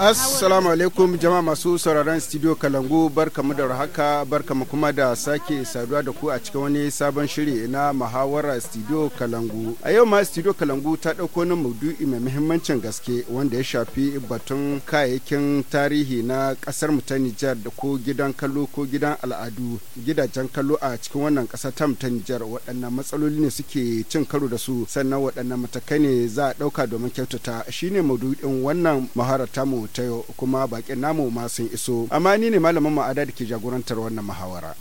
Assalamu alaikum jama'a masu sauraron studio Kalangu barkamu da haka barkamu kuma da sake saduwa da ku a cikin wani sabon shiri na muhawara studio Kalangu. A yau ma studio Kalangu ta ɗauko wani maudu'i mai muhimmancin gaske wanda ya shafi batun kayayyakin tarihi na ƙasar mu ta Nijar da ko gidan kallo ko gidan al'adu gidajen kallo a cikin wannan ƙasa ta mu ta Nijar waɗannan matsaloli ne suke cin karo da su sannan waɗannan matakai ne za a ɗauka domin kyautata shine maudu'in wannan muhawara tamu tayo kuma bakin namu ma sun iso amma ni ne malamin ma'ada da ke jagorantar wannan muhawara.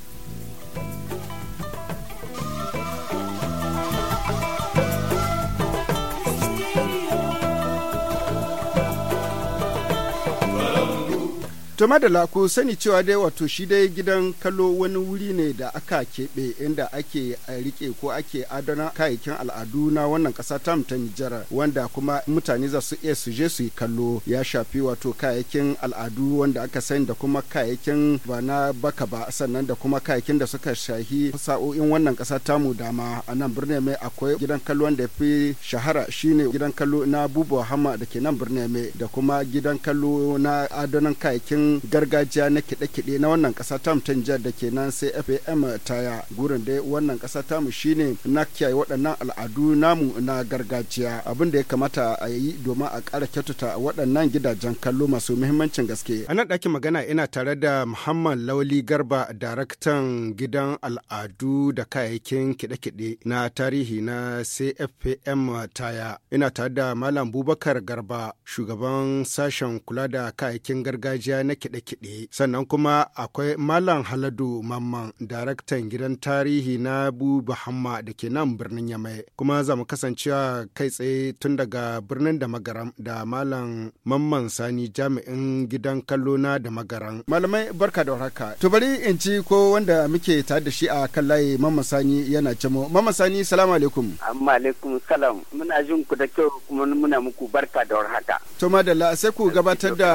To madala ku sani cewa dai wato shi dai gidan kallo wani wuri ne da aka keɓe inda ake eh, rike ko ake adana kayayyakin al'adu na wannan ƙasa ta ta Nijar wanda kuma mutane za su iya su je su yi kallo ya shafi wato kayayyakin al'adu wanda aka sani da kuma kayayyakin ba na baka ba sannan da kuma kayayyakin da suka shahi sa'o'in wannan ƙasa ta mu dama a nan birnin mai akwai gidan kallo wanda ya fi shahara shine gidan kallo na Bubu Hama da ke nan birnin mai da kuma gidan kallo na adonan kayayyakin gargajiya na kiɗe-kiɗe na wannan ƙasa ta mutan jihar da ke nan sai fam taya gurin dai wannan ƙasa ta mu shine na kiyaye waɗannan al'adu namu na gargajiya abin da ya kamata a yi domin a ƙara kyautata waɗannan gidajen kallo masu muhimmancin gaske a nan ɗakin magana ina tare da muhammad lauli garba daraktan gidan al'adu da kayayyakin kiɗe-kiɗe na tarihi na cfm taya ina tare da malam bubakar garba shugaban sashen kula da kayayyakin gargajiya na kiɗe-kiɗe sannan kuma akwai malam haladu mamman daraktan gidan tarihi na bu hamma da ke nan birnin yamai kuma za mu kasance kai tsaye tun daga birnin da magaram da malam mamman sani jami'in gidan kallo na da magaram malamai barka da warhaka to bari in ci ko wanda muke tare da shi a kan layi mamman sani yana cimo mamman sani salamu alaikum amma alaikum salam muna jin ku da kyau kuma muna muku barka da warhaka to madalla sai ku gabatar da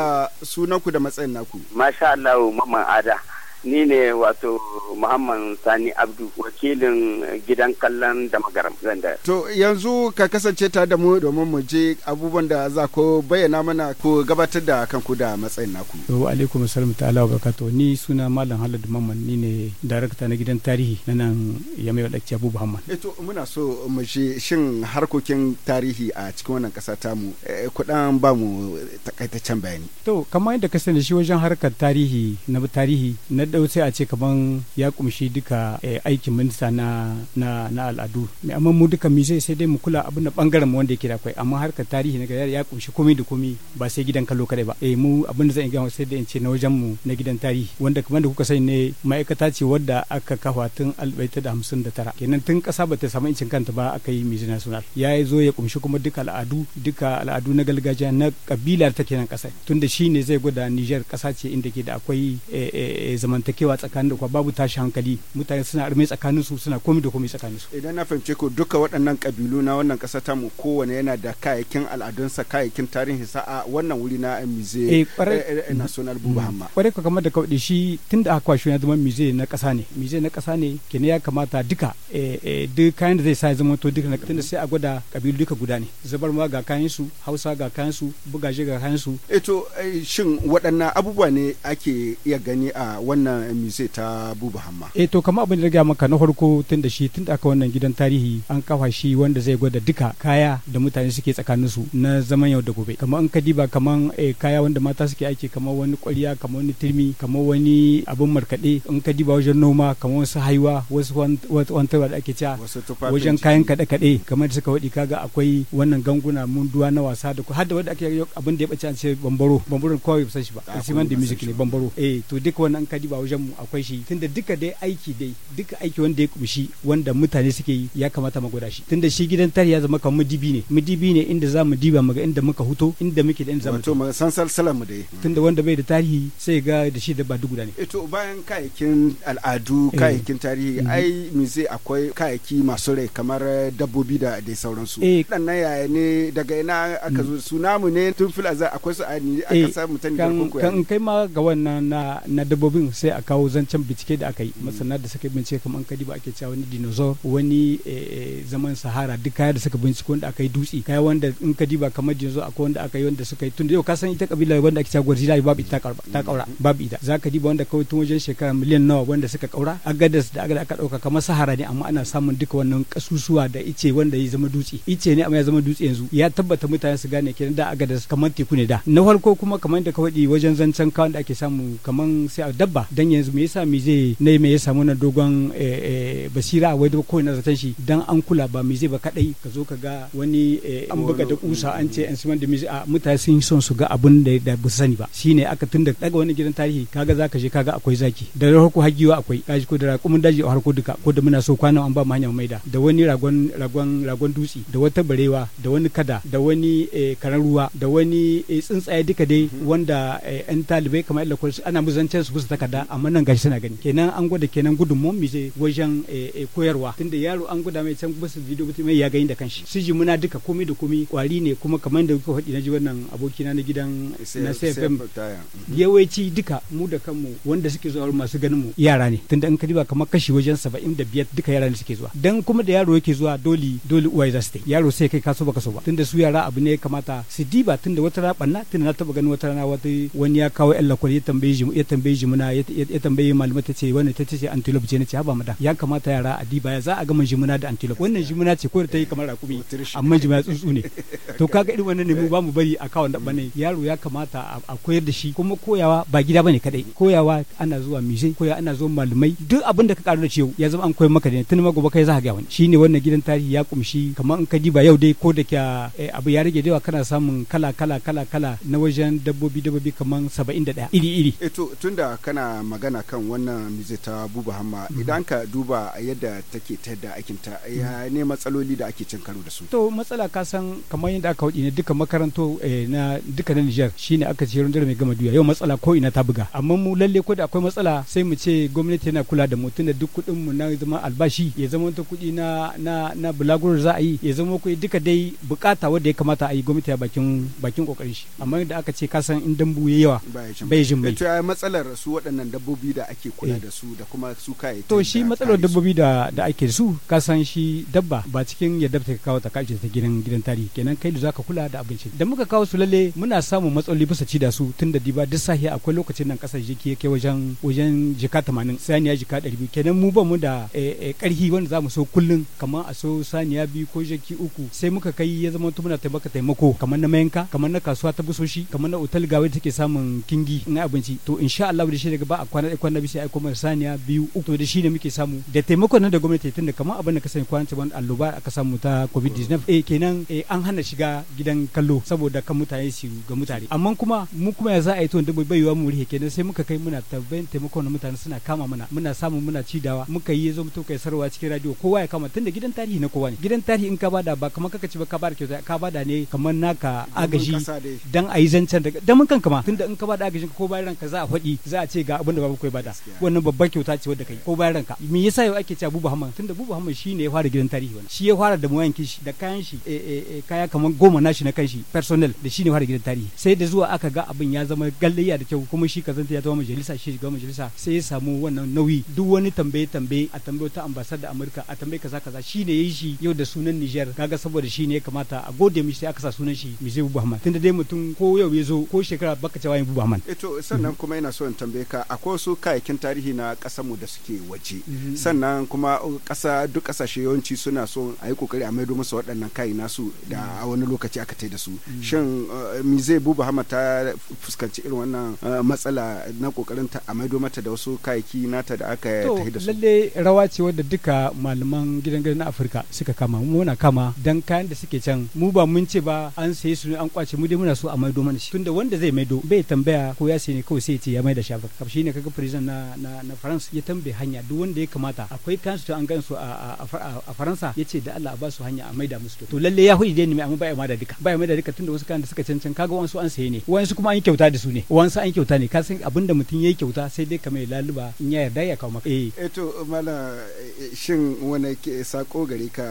sunanku da matsayin naku masha Allah mamman ada ni ne wato muhammad sani abdu wakilin gidan kallon da magaram to yanzu ka kasance ta da mu domin mu je abubuwan da za ku bayyana mana ko gabatar da kanku da matsayin naku to alaikum assalam ala wa ni suna malam halad mamman ni ne darakta na gidan tarihi na nan mai wadakci abu muhammad eh to muna so mu je shin harkokin tarihi a cikin wannan kasa mu eh, kudan ba mu takaitaccen bayani to kamar yadda ka sani shi wajen harkar tarihi na tarihi na ɗau sai a ce kaman ya kumshi duka eh, aikin minista na na na al'adu eh, amma mu duka mi sai dai mu kula abin da bangaren mu wanda yake da kai. amma harkar tarihi na gari ya kumshi komai da komai ba sai gidan kallo kadai ba eh mu abin da zan iya sai da in ce na wajen mu na gidan tarihi wanda kamar da kuka sani ne ma'aikata ce wadda aka kafa tun tara. kenan tun kasa ba ta samu incin kanta ba aka yi mizi national ya zo ya kumshi kuma duka al'adu duka al'adu na gargajiya na kabila ta kenan kasa tunda shi ne zai gwada Niger kasa ce inda ke da akwai eh, zaman zamantakewa tsakanin da kuwa babu tashi hankali mutane suna arme tsakanin su suna komi da komi tsakanin su idan na fahimce ku duka waɗannan kabilu na wannan ƙasa ta mu kowane yana da kayayyakin al'adunsa kayayyakin tarihin sa a wannan wuri na mize eh, eh, eh, national buba mm-hmm. hamma kwarai ka kamar da kawai shi tunda aka kwashe ya zama mize na ƙasa ne mize na ƙasa ne kenan ya kamata duka duk kayan da zai sa ya zama to duka na tunda sai a gwada kabilu duka guda ne zabar ma ga kayan su hausa ga kayan su bugaje ga kayan su to shin waɗannan abubuwa ne ake iya gani a wannan wannan mise ta buba hamma eh to kamar abin da riga maka na farko tun da shi tun da aka wannan gidan tarihi an kafa shi wanda zai gwada duka kaya da mutane suke tsakanin su na zaman yau da gobe kamar an ka diba kamar eh, kaya wanda mata suke aiki kamar wani kwariya kamar wani turmi kamar wani abin markaɗe in ka diba wajen noma kamar wasu haiwa wasu wantarwa da ake cewa wajen kayan kaɗe-kaɗe kamar da suka waɗi kaga akwai wannan ganguna munduwa na wasa da ku har da wanda ake abin da ya ɓace an ce bambaro bambaro kawai san shi ba siman da music ne bambaro eh to duk wannan an ka diba wajen mu akwai shi tunda duka dai aiki dai duka aiki wanda ya kumshi wanda mutane suke yi ya kamata mu gwada shi tunda shi gidan tarihi ya zama kamar mudibi ne mudibi ne inda za mu diba mu ga inda muka huto inda muke da inda za mu to san salsalar mu dai tunda wanda bai da tarihi sai ga da shi da ba duguda ne eh to bayan kayakin al'adu eh. kayakin tarihi mhm. ai muze akwai kayaki masu rai kamar dabbobi da dai sauransu eh. na yaya ne daga ina aka zo mm. su namu ne tun fil akwai su a ni aka samu tani da koyar kan kai ma ga wannan na dabbobin sai a kawo zancen bincike da aka yi masana da suka bincike kamar an kadi ba ake cewa wani dinosaur wani eh, eh, zaman sahara duk kaya da suka bincike wanda aka yi dutse kaya wanda in kadi ba kamar dinosaur akwai wanda aka yi wanda suka yi tun da yau ka san ita kabila wanda ake cewa gwarzila babu ita ta kaura babu ita za ka diba wanda kawai tun wajen shekara miliyan nawa wanda suka kaura agadas da agada aka dauka kamar sahara ne amma ana samun duka wannan kasusuwa da ice wanda ya zama dutse ice ne amma ya zama dutse yanzu ya tabbata mutane su gane kenan da agadas kamar teku ne da na farko kuma kamar da ka wadi wajen zancen kawai da ake samu kamar sai a dabba dan yanzu me yasa me zai ne me ya samu na dogon eh, eh, basira a wajen ko shi dan an kula ba me zai ba kadai ka zo ka ga wani eh, an buga da kusa an ce an siman da me a mutane sun son su ga abun da da bu sani ba shine aka tunda daga wani gidan tarihi kaga zaka je kaga akwai zaki da harko hagiwa akwai kaji ko da raƙumin daji a harko duka ko da muna so kwana an ba mu hanyar mai da wani ragon ragon ragon dutse da wata barewa da wani kada da wani karan ruwa da wani tsuntsaye duka dai mhm. wanda yan talibai kamar yadda ana muzancen su kusa takarda baya amma nan gashi suna gani kenan an gwada kenan gudun mu wajen eh, eh, koyarwa tunda yaro an gwada mai can basu video mutum ya gani da kanshi su muna duka komai da komai kwari ne kuma kamar da kuka faɗi na ji wannan abokina na gidan na CFM mhm. yawanci duka mu da kanmu wanda suke zuwa masu ganin mu yara ne tunda in ka diba kamar kashi wajen 75 biyar duka yara ne suke zuwa dan kuma da yaro yake zuwa dole dole uwaye za su yaro sai kai kaso baka so ba tunda su yara abu ne ya kamata su diba tunda wata rana banna tunda na taba ganin wata rana wata wani ya kawo yan lakwal ya tambaye ya tambaye muna ya ya tambaye malama ta ce wannan ta ce antelope ce nace haba madan ya kamata yara a diba ya za a ga manjimuna da antelope wannan jimuna ce ko ta yi kamar rakumi amma jimuna tsuntsu ne to kaga irin wannan ne mu ba mu bari a kawo dabba ne yaro ya kamata a koyar da shi kuma koyawa ba gida bane kadai koyawa ana zuwa mije koyawa ana zuwa malamai duk abin da ka karu da shi ya zama an koyar maka ne tun ma gobe kai za ka ga wani shine wannan gidan tarihi ya kumshi kamar in ka diba yau dai ko da ke eh, abu ya rage dawa kana samun kala kala kala kala na wajen dabbobi dabbobi kamar 71 iri iri eh tunda kana magana kan wannan mize ta buba hamma mhm. idan ka duba yadda take ta yadda ta mhm. ya ne matsaloli da ake cin karo da su to matsala ka san kamar yadda aka wadi ne duka makaranto eh, na duka na Niger shine aka ce rundunar mai gama duya yau matsala ko ina ta buga amma mu lalle ko da akwai matsala sai mu ce gwamnati yana kula da mutum da duk kuɗin mu na zama albashi ya zama ta kuɗi na na na bulagurar za a yi ya zama ku duka dai bukata wanda ya kamata a yi gwamnati ya bakin bakin kokarin shi amma yadda aka ce ka san in dambu yayi yawa bai jin ya matsalar su waɗannan dabbobi da ake kula eh. da su da kuma su kai to shi matsalar dabbobi da da ake su ka san shi dabba ba cikin yadda take kawo ta kace ta gidan gidan tari kenan kai da zaka kula da abinci da muka kawo su lalle muna samun matsaloli bisa ci da su tun da diba duk sahiya akwai lokacin nan kasar jiki yake wajen wajen jika 80 saniya jika 200 kenan mu ba mu da karhi eh, eh, wanda zamu so kullun kamar a so saniya biyu ko jiki uku sai muka kai ya zama muna taimaka taimako kamar na mayanka kamar na kasuwa ta busoshi kamar na otal gawe take samun kingi na abinci to insha Allah da shi daga ba a kwana ɗaya kwana bisa aiko mana saniya biyu uku to da shi ne muke samu da taimakon nan da gwamnati tun da kamar abin da ka sani kwana ban alloba aka samu ta covid-19 eh kenan eh, an hana shiga gidan kallo saboda kan mutane su ga mutane amma kuma mu kuma ya za a yi to da bai baiwa mu rihe kenan sai muka kai muna tabbayin taimakon mutane suna kama mana muna samu muna cidawa muka yi zo mutum kai sarwa cikin radio kowa ya kama tunda gidan tarihi na kowa ne gidan tarihi in ka bada ba kamar kaka ci ba ka bada kyauta ka bada ne kamar naka agaji dan a yi zancen da mun kanka ma tunda in ka bada agajin ko bayan ranka za a faɗi za a ce ga abu wanda da babu kai bada wannan babban kyauta ce wadda kai ko bayan ranka me yasa yau ake cewa Bubu Hamman tunda Bubu Hamman shine ya fara gidan tarihi wannan shi ya fara da moyan kishi da kayan shi eh, eh, eh, kaya kamar goma nashi na kanshi personnel da shine ya fara gidan tarihi sai da zuwa aka ga abin ya zama gallayya da kyau kuma shi kazanta ya zama majalisa shi shiga majalisa sai ya samu wannan nauyi duk wani tambaye tambaye a tambayo ta ambasar da Amurka a tambaye kaza kaza shine yayi shi yau da sunan Niger kaga saboda shine ya kamata a gode mishi sai aka sa sunan shi Mijai Bubu Hamman tunda dai mutum ko yau ya zo ko shekara baka cewa yin Bubu Hamman eh to sannan kuma ina so in tambaye ka ko wasu kayakin tarihi na mu da suke waje mhm. sannan kuma uh, ƙasa duk ƙasashe yawanci suna son a yi kokari a maido musu waɗannan kayi nasu da mhm. a wani lokaci aka tai da su mhm. shin uh, me zai buba hama ta fuskanci irin wannan uh, matsala na kokarin ta a maido mata da wasu kayaki nata da aka tai da su lalle rawa ce wadda duka malaman gidan gidan na Afirka suka kama mu muna kama dan kayan da suke can mu ba mun ce ba an saye su an kwace mu dai muna so a maido mana shi tunda wanda zai maido bai tambaya ko ya sai ne kawai sai ya ce ya maida shafa kafshi shine kaga president na na, na France ya tambaye hanya duk wanda ya kamata akwai kansu an su a a Faransa yace da Allah a ba su hanya a maida musu to lalle ya hujje ne amma ba ya da duka ba ya da duka tunda wasu kan da suka cancan kaga wasu an saye ne wasu kuma an yi kyauta da su ne wasu an kyauta ne ka san abinda mutum yayi kyauta sai dai kamar laluba in ya yarda ya kawo maka eh, eh to mala shin wani sako gare ka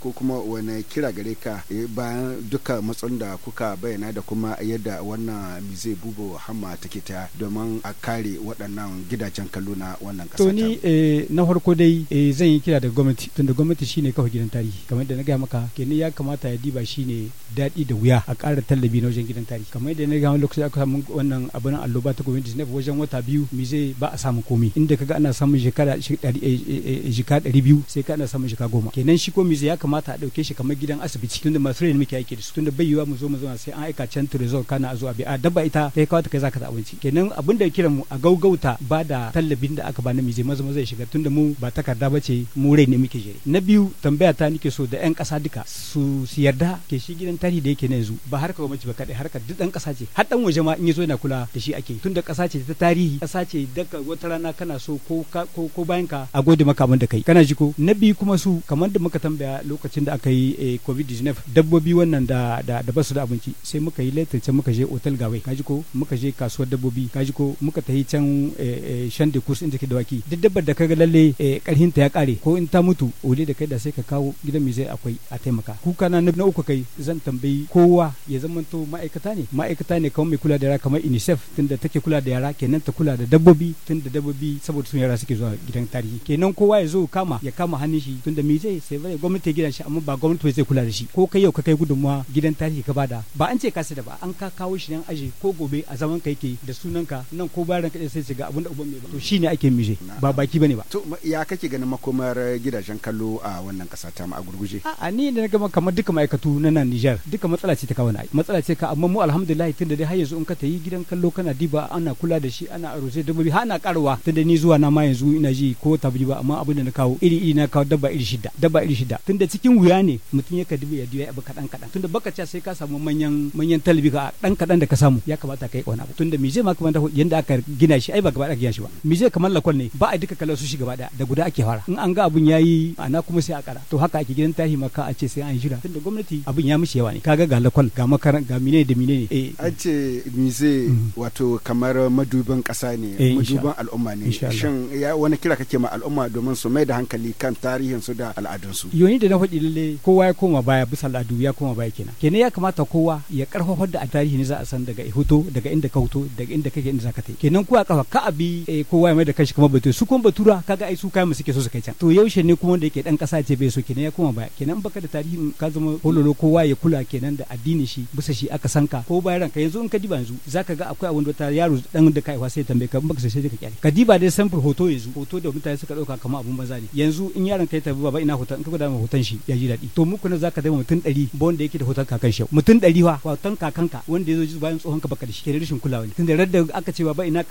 ko kuma wani kira gare ka eh, bayan duka matsalolin da kuka bayyana da kuma yadda wannan mizai bubo hamma take ta domin a kare waɗannan gidajen kallo na wannan ƙasa. To ni eh, na farko dai eh, zan yi kira da gwamnati tunda gwamnati shine kawai gidan tarihi kamar yadda na gaya maka kenan ya kamata ya diba shine daɗi da wuya a ƙara tallabi na wajen gidan tarihi kamar yadda na gaya lokacin aka samu wannan abin alloba ta gwamnati ne wajen wata biyu mi zai ba a samu komai inda kaga ana samun shekara eh, shekara ɗari biyu sai ka ana samun shekara goma kenan shi ko mi zai ya kamata a ɗauke shi kamar gidan asibiti tunda masu rai muke aiki da su tunda bai yiwa mu zo mu zauna sai an aika can turizon kana zuwa zo a bi a dabba ita kai ta kai zaka ta abinci kenan abin da kiran mu a gauga gauta ba da tallabin da aka ba na maza maza zai shiga tunda mu ba takarda ba ce mu rai ne muke jere na biyu tambaya ta nake so da yan kasa duka su yarda ke shi gidan tarihi da yake na yanzu ba harka gwamnati ba kadai harka duk dan kasa ce har dan waje ma in yazo yana kula da shi ake tunda kasa ce ta tarihi kasa ce daga wata rana kana so ko ko ko bayan ka a gode maka abin da kai kana ji ko na biyu kuma su kamar da muka tambaya lokacin da aka yi eh, covid-19 dabbobi wannan da da da basu da abinci sai muka yi letter can muka je otal gawai kaji ko muka je kasuwar dabbobi kaji ko muka tafi can Eh, eh, shan da kurs inda ke waki duk dabbar da ka ga lalle karhin eh, ta ya kare ko in ta mutu ole da kai da sai ka kawo gidan mai zai akwai a taimaka kuka na na uku kai zan tambayi kowa ya to ma'aikata ne ma'aikata ne kamar mai kula da yara kamar UNICEF tunda take kula da yara kenan ta kula da dabbobi tunda dabbobi saboda sun yara suke zuwa gidan tarihi kenan kowa ya zo kama ya kama hannun shi tunda me zai sai bare gwamnati gidan shi amma ba gwamnati zai kula da shi ko kai yau ka kai gudunmuwa gidan tarihi ka bada ba an ce ka da ba an ka kawo shi nan aji ko gobe a zaman ka yake da sunanka nan ko bayan ka sai shiga abinda uban mai ba to shine ake mije ba baki bane ba to ya kake ganin makomar gidajen kallo a wannan kasa ta mu a gurguje a ni da gama kamar duka ma'aikatu na nan Niger duka matsala ce ta kawo na matsala ce ka amma mu alhamdulillah tunda dai har yanzu in ka tayi gidan kallo kana diba ana kula da shi ana arose dabbobi har ana karwa tunda ni zuwa na ma yanzu ina ji ko tabi ba amma abinda na kawo iri iri na kawo dabba iri shida dabba iri shida tunda cikin wuya ne mutum ya ka dibi ya diya abu kadan kadan tunda baka ce sai ka samu manyan manyan talibi ka dan kadan da ka samu ya kamata kai kona tunda mije ma kamar yanda aka gina shi ai ba gaba ɗaya giya shi ba me zai kamar lakon ne ba a duka kalar su shi gaba da guda ake fara in an ga abun yayi ana kuma sai a kara to haka ake gidan tarihi maka a ce sai an jira tunda gwamnati abun ya mishi yawa ne kaga ga lakon ga makaran ga mine da mine ne eh an ce zai mm. wato kamar maduban kasa ne eh, maduban al'umma ne shin ya wani kira kake ma al'umma domin su mai da hankali kan tarihin su da al'adun su yoni da na faɗi lalle kowa ya koma baya bisa al'adu ya koma baya kenan kenan ya kamata kowa ya karfafar da tarihi ne za a san daga hoto daga inda ka hoto daga inda kake inda kenan kowa kafa ka abi eh, kowa ya mai da kashi kuma bato su kuma batura kaga ai su kai mu suke so su kai can to yaushe ne kuma da yake dan kasa ce bai so kenan ya kuma baya kenan baka da tarihi ka zama hololo kowa ya kula kenan da addini shi bisa shi aka sanka ko bayan ranka yanzu in ka diba yanzu zaka ga akwai abin da ta yaro dan da kai sai tambaye ka baka sai ka kyale ka diba dai samfur hoto yanzu hoto da mutane suka dauka kamar abun banza ne yanzu in yaron kai tabi baba ina hoton in ka gwada mai hoton shi ya ji dadi to muku ne zaka dama mutum ɗari ba wanda yake da hoton kakan shi mutum ɗari wa hoton kakanka wanda yazo zo bayan tsohon ka baka da shi kenan rashin kulawa ne tunda radda aka ce baba ina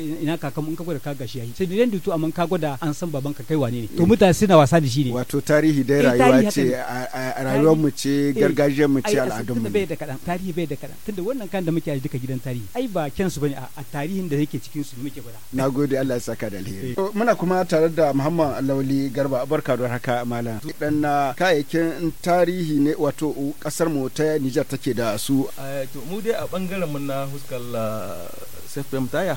ina ka kamun ka gwada ka gashi yayi sai dan dutu amma ka gwada an san baban ka kai wane ne to mutane suna wasa da shi ne wato tarihi dai eh, rayuwa ce rayuwar mu ce eh, gargajiyar mu ce al'adun mu bai da kadan tarihi bai da kadan tunda wannan kan da muke a duka gidan tarihi ai ba kyan su bane a tarihin da yake cikin su muke gwada nagode Allah ya saka da alheri eh. muna kuma tare da Muhammad Alawli Garba barka da haka malam dan na ah, kayayyakin tarihi ne wato kasar mu ta Niger take da su mu dai a bangaren mu na huskar ah, sefem taya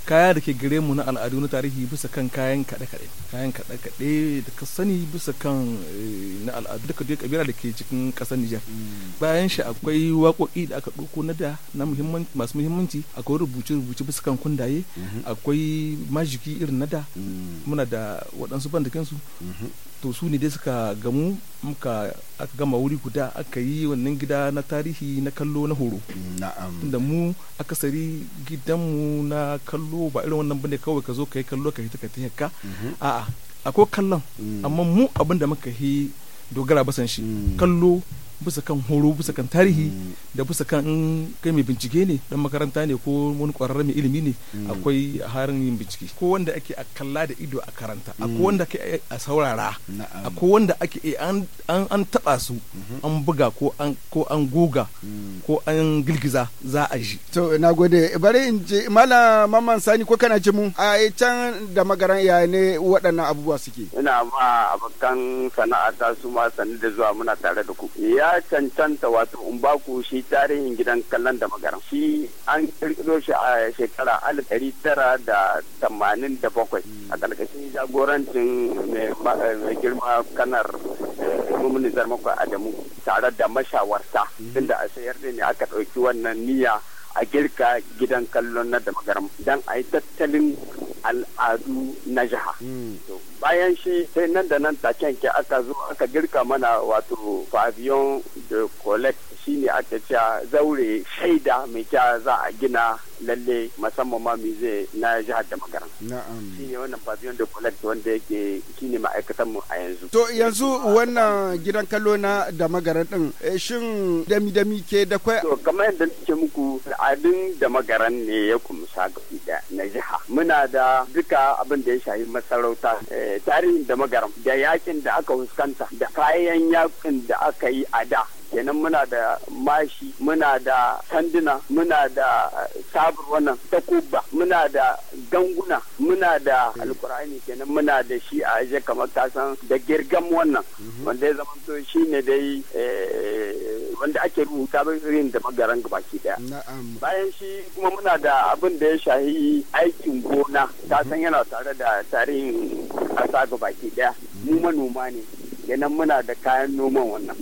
kaya da ke gare mu na al'adu na tarihi bisa kan kayan kaɗe-kaɗe kayan kaɗe-kaɗe da ka sani bisa kan eh, na al'adu da kabila da ke cikin ƙasar Nijar mm. bayan shi akwai waƙoƙi da aka ɗauko na da na masu muhimmanci akwai rubuce-rubuce bisa kan kundaye mm-hmm. akwai majiki irin na da mm. muna da waɗansu bandakin su mm-hmm. to su ne dai suka gamu muka aka gama wuri guda aka yi wannan gida na tarihi na kallo na horo na'am da mu akasari gidanmu na kallo fikihu ba irin wannan bane kawai ka zo ka yi kallo ka yi ka ka mhm. a'a akwai kallon mm. amma mu abin da muka yi dogara basan shi mm. kallo bisa kan horo bisa kan tarihi da bisa kan kai mai bincike ne dan makaranta ne ko wani kwararre mai ilimi ne mm. akwai harin yin bincike ko wanda ake a kalla da ido a karanta akwai mm. wanda ake a saurara akwai wanda ake an taba su mm-hmm. an buga ko an ko an goga mm. ko an girgiza za a ji to nagode bari in ji mala mamman sani ko kana ji mu a eh, can da magaran ya ne waɗannan abubuwa suke ina ma abokan sana'a ta su ma sani da zuwa muna tare da ku ya ya cancanta wato in ba ku shi tarihin gidan kallon da magaran shi an kirkiro shi a shekara alif ɗari tara da tamanin da bakwai a ƙarƙashin jagorancin mai girma kanar eh, mumuni zarmakon adamu tare da mashawarta mm-hmm. tunda a sayar da ne aka ɗauki wannan niyya a girka gidan kallon na da magaram don a yi tattalin al'adu na jiha mm. bayan shi sai nan da nan taken ke aka zo aka girka mana wato pavillon de collect shine aka ce zaure shaida mai kya za a gina lalle musamman ma mize na jihar da magana ne wannan pavillon de collect wanda yake ne ma'aikatan mu a yanzu to yanzu wannan gidan kallo na da magaran din eh, shin dami dami ke da kwai to kamar yadda nake muku al'adun da magaran ne ya kumsa gafi da na jiha muna da duka abin da ya shahi masarauta eh, tarihin da magaram da yakin da aka fuskanta da kayan yakin da aka yi a da kenan muna da mashi muna da sanduna muna da sabur wannan takuba muna da ganguna muna da alkur'ani kenan muna da shi a aje kamar kasan da girgam wannan mhm. wanda ya zama to shi ne dai eh, wanda ake rubuta rin da magaran baki daya bayan shi kuma muna da abin da ya shahi aikin gona kasan yana tare da tarihin ƙasa baki daya mu mhm. manoma ne kenan muna da kayan noman wannan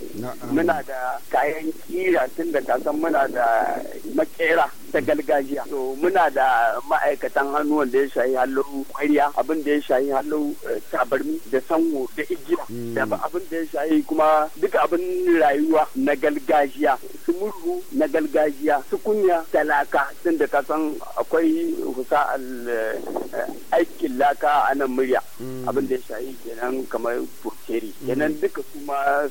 muna da kayan kira tun da kasan muna da makera ta gargajiya to muna da ma'aikatan hannu wanda ya shayi hallo kwariya abin da ya shayi hallo eh, tabarmi da sanwo da igiya hmm. da abin da ya shayi kuma duka abin rayuwa na gargajiya su murhu na gargajiya su kunya talaka tun da kasan akwai husa eh, eh, aikin laka a nan murya hmm. abin da ya shayi kenan kamar burkeri hmm. nan duka su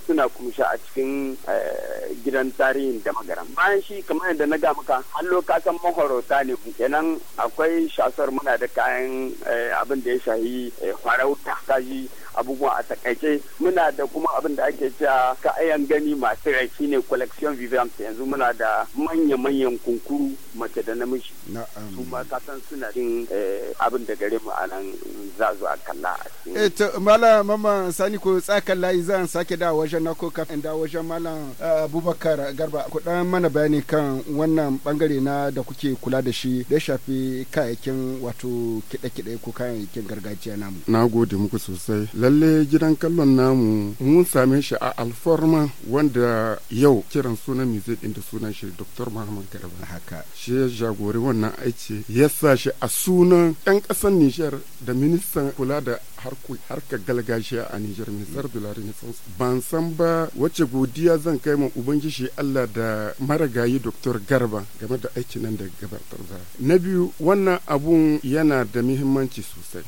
suna kumsha a cikin eh, gidan tarihin da magaran bayan shi kamar yadda na ga maka hallo ka san mahorota ne kenan akwai shasar muna da kayan eh, abin da ya shahi eh, farauta kaji abubuwa a takaice muna da kuma abin da ake cewa kayan gani masu rai shine collection vivant yanzu muna da manya-manyan kunkuru mace da namiji su ma kasan suna cin abin da gare mu a nan za a kalla a cikin. mala mama sani ko tsakala wallahi zan sake da wajen na koka da wajen malam eh, abubakar garba ku dan mana bayani kan wannan bangare na da kuke kula da shi da shafi kayayyakin wato kiɗe-kiɗe ko kayayyakin gargajiya namu na gode muku sosai lalle gidan kallon namu mun same shi a alforma wanda yau kiran sunan music din da sunan shi dr muhammad garba haka shi ya jagori wannan aiki ya sa shi a sunan yan kasan nijar da ministan kula da harkar gargajiya a nijar mai la renaissance ban san ba wacce godiya zan kai ma ubangiji Allah da maragayi Dr. Garba game da aikin nan da gabatar da na biyu wannan abun yana da muhimmanci sosai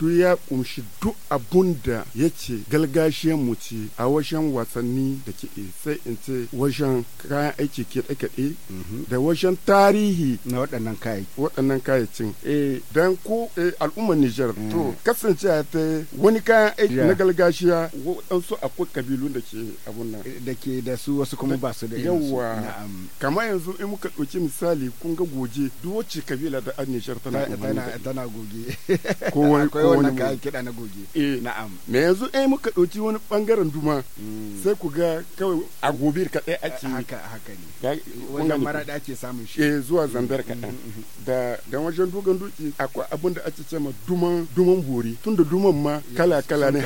duk ya kumshi duk abun da ce galgashiyar mu a wajen wasanni da ke sai in ce wajen kayan aiki ke kaɗe mhm. da wajen tarihi na waɗannan kayayyaki waɗannan kayayyakin eh dan ko eh, al'ummar Nijar to mm. kasance ta wani kayan aiki na galgashiya waɗansu akwai kabilu da ke abun nan eh, da ke da su wasu kuma ba su da yawa kamar yanzu in muka ɗauki misali kun ga goje duk wacce kabila da an Nijar tana tana goge ko akwai wannan kayan kiɗa na goge eh. na'am me yanzu eh muka ɗauki wani bangaren duma mm. sai ku ga kawai a gobe ka ɗaya ake haka haka ne wannan marada ake samun shi eh zuwa zandar mm, kaɗan mm, da dan wajen dogon duki akwai abin da ake cewa duman duman bori tunda duman ma kala kala ne